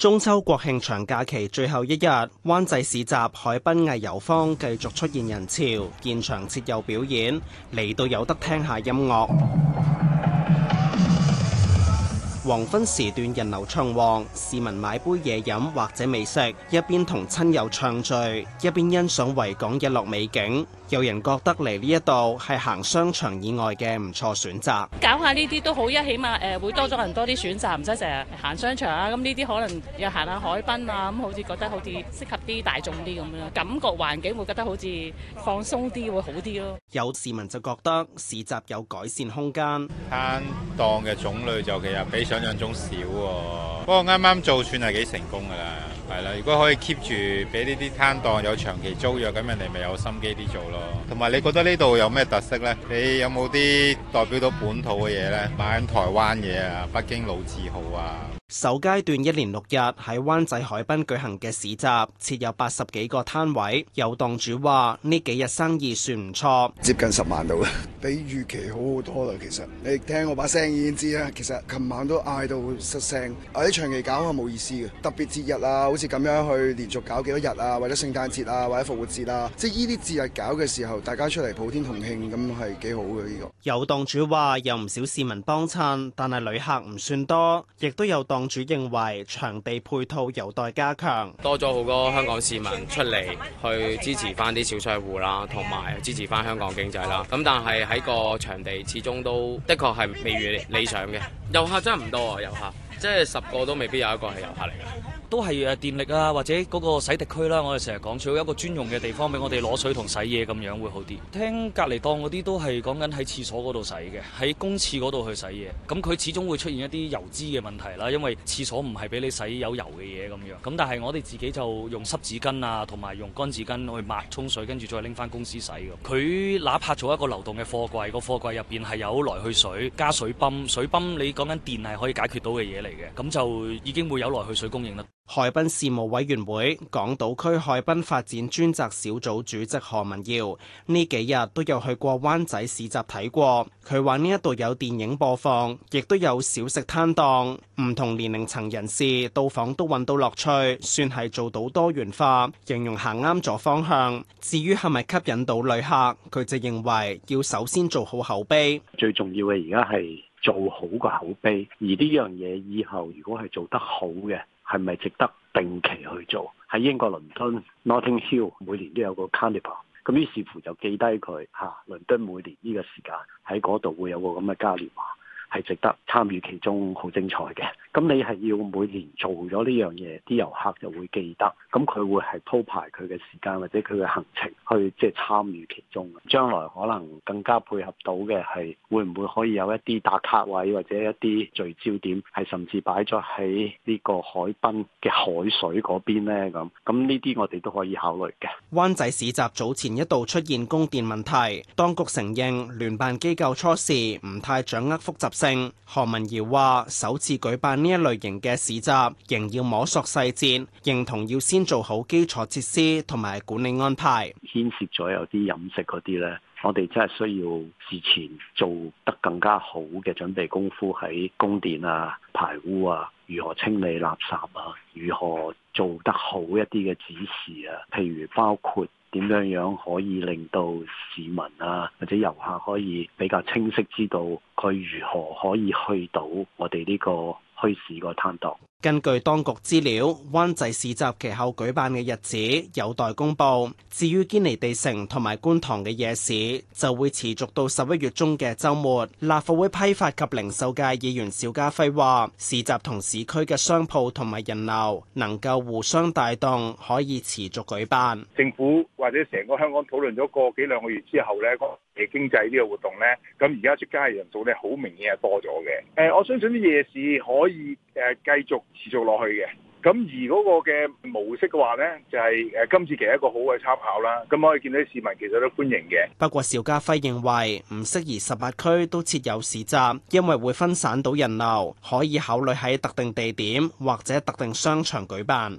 中秋國慶長假期最後一日，灣仔市集海濱藝遊坊繼續出現人潮，現場設有表演，嚟到有得聽下音樂。音樂黃昏時段人流暢旺，市民買杯嘢飲或者美食，一邊同親友暢聚，一邊欣賞維港日落美景。有人覺得嚟呢一度係行商場以外嘅唔錯選擇，搞下呢啲都好，一起碼誒會多咗人多啲選擇，唔使成日行商場啊。咁呢啲可能又行下海濱啊，咁好似覺得好似適合啲大眾啲咁樣，感覺環境會覺得好似放鬆啲，會好啲咯。有市民就覺得市集有改善空間，攤檔嘅種類就其實比想象中少喎，不過啱啱做算係幾成功噶啦。係啦，如果可以 keep 住俾呢啲攤檔有長期租約，咁人哋咪有心機啲做咯。同埋你覺得呢度有咩特色呢？你有冇啲代表到本土嘅嘢呢？買緊台灣嘢啊，北京老字號啊。首階段一連六日喺灣仔海濱舉行嘅市集，設有八十幾個攤位。有檔主話：呢幾日生意算唔錯，接近十萬度嘅， 比預期好好多啦。其實你聽我把聲已經知啦。其實琴晚都嗌到失聲，或、啊、者長期搞下冇意思嘅。特別節日啊，好似咁樣去連續搞幾多日啊，或者聖誕節啊，或者復活節啊，即係呢啲節日搞嘅時候，大家出嚟普天同慶咁係幾好嘅呢、這個。有檔主話有唔少市民幫襯，但係旅客唔算多，亦都有檔。檔主認為場地配套有待加強，多咗好多香港市民出嚟去支持翻啲小商戶啦，同埋支持翻香港經濟啦。咁但係喺個場地始終都的確係未如理想嘅，遊客真係唔多啊！遊客，即係十個都未必有一個係遊客嚟嘅。都係誒電力啊，或者嗰個洗滌區啦，我哋成日講，最好一個專用嘅地方俾我哋攞水同洗嘢咁樣會好啲。聽隔離檔嗰啲都係講緊喺廁所嗰度洗嘅，喺公廁嗰度去洗嘢。咁、嗯、佢始終會出現一啲油脂嘅問題啦，因為廁所唔係俾你洗有油嘅嘢咁樣。咁、嗯、但係我哋自己就用濕紙巾啊，同埋用乾紙巾去抹沖水，跟住再拎翻公司洗嘅。佢哪怕做一個流動嘅貨櫃，個貨櫃入邊係有來去水、加水泵、水泵。你講緊電係可以解決到嘅嘢嚟嘅，咁就已經會有來去水供應啦。海濱事務委員會港島區海濱發展專責小組主席何文耀呢幾日都有去過灣仔市集睇過，佢話呢一度有電影播放，亦都有小食攤檔，唔同年齡層人士到訪都搵到樂趣，算係做到多元化，形容行啱咗方向。至於係咪吸引到旅客，佢就認為要首先做好口碑，最重要嘅而家係做好個口碑，而呢樣嘢以後如果係做得好嘅。係咪值得定期去做？喺英國倫敦 Notting Hill 每年都有個 Carnival，咁於是乎就記低佢嚇。倫敦每年呢個時間喺嗰度會有個咁嘅嘉年華。係值得參與其中，好精彩嘅。咁你係要每年做咗呢樣嘢，啲遊客就會記得。咁佢會係鋪排佢嘅時間或者佢嘅行程去即係參與其中。將來可能更加配合到嘅係，會唔會可以有一啲打卡位或者一啲聚焦點係甚至擺咗喺呢個海濱嘅海水嗰邊呢？咁咁呢啲我哋都可以考慮嘅。灣仔市集早前一度出現供電問題，當局承認聯辦機構初時唔太掌握複雜。鄭何文堯話：首次舉辦呢一類型嘅市集，仍要摸索細節，認同要先做好基礎設施同埋管理安排。牽涉咗有啲飲食嗰啲咧，我哋真係需要事前做得更加好嘅準備功夫，喺供電啊、排污啊、如何清理垃，垃圾啊、如何做得好一啲嘅指示啊，譬如包括。點樣樣可以令到市民啊，或者遊客可以比較清晰知道佢如何可以去到我哋呢個墟市個攤檔？根據當局資料，灣仔市集其後舉辦嘅日子有待公布。至於堅尼地城同埋觀塘嘅夜市，就會持續到十一月中嘅周末。立法會批發及零售界議員邵家輝話，市集同市區嘅商鋪同埋人流能夠互相帶動，可以持續舉辦。政府或者成個香港討論咗個幾兩個月之後呢，經濟呢個活動呢，咁而家出街嘅人數呢，好明顯係多咗嘅。誒，我相信啲夜市可以誒繼、呃、續。持續落去嘅，咁而嗰個嘅模式嘅話呢，就係今次其實一個好嘅參考啦，咁可以見到啲市民其實都歡迎嘅。不過邵家輝認為唔適宜十八區都設有市集，因為會分散到人流，可以考慮喺特定地點或者特定商場舉辦。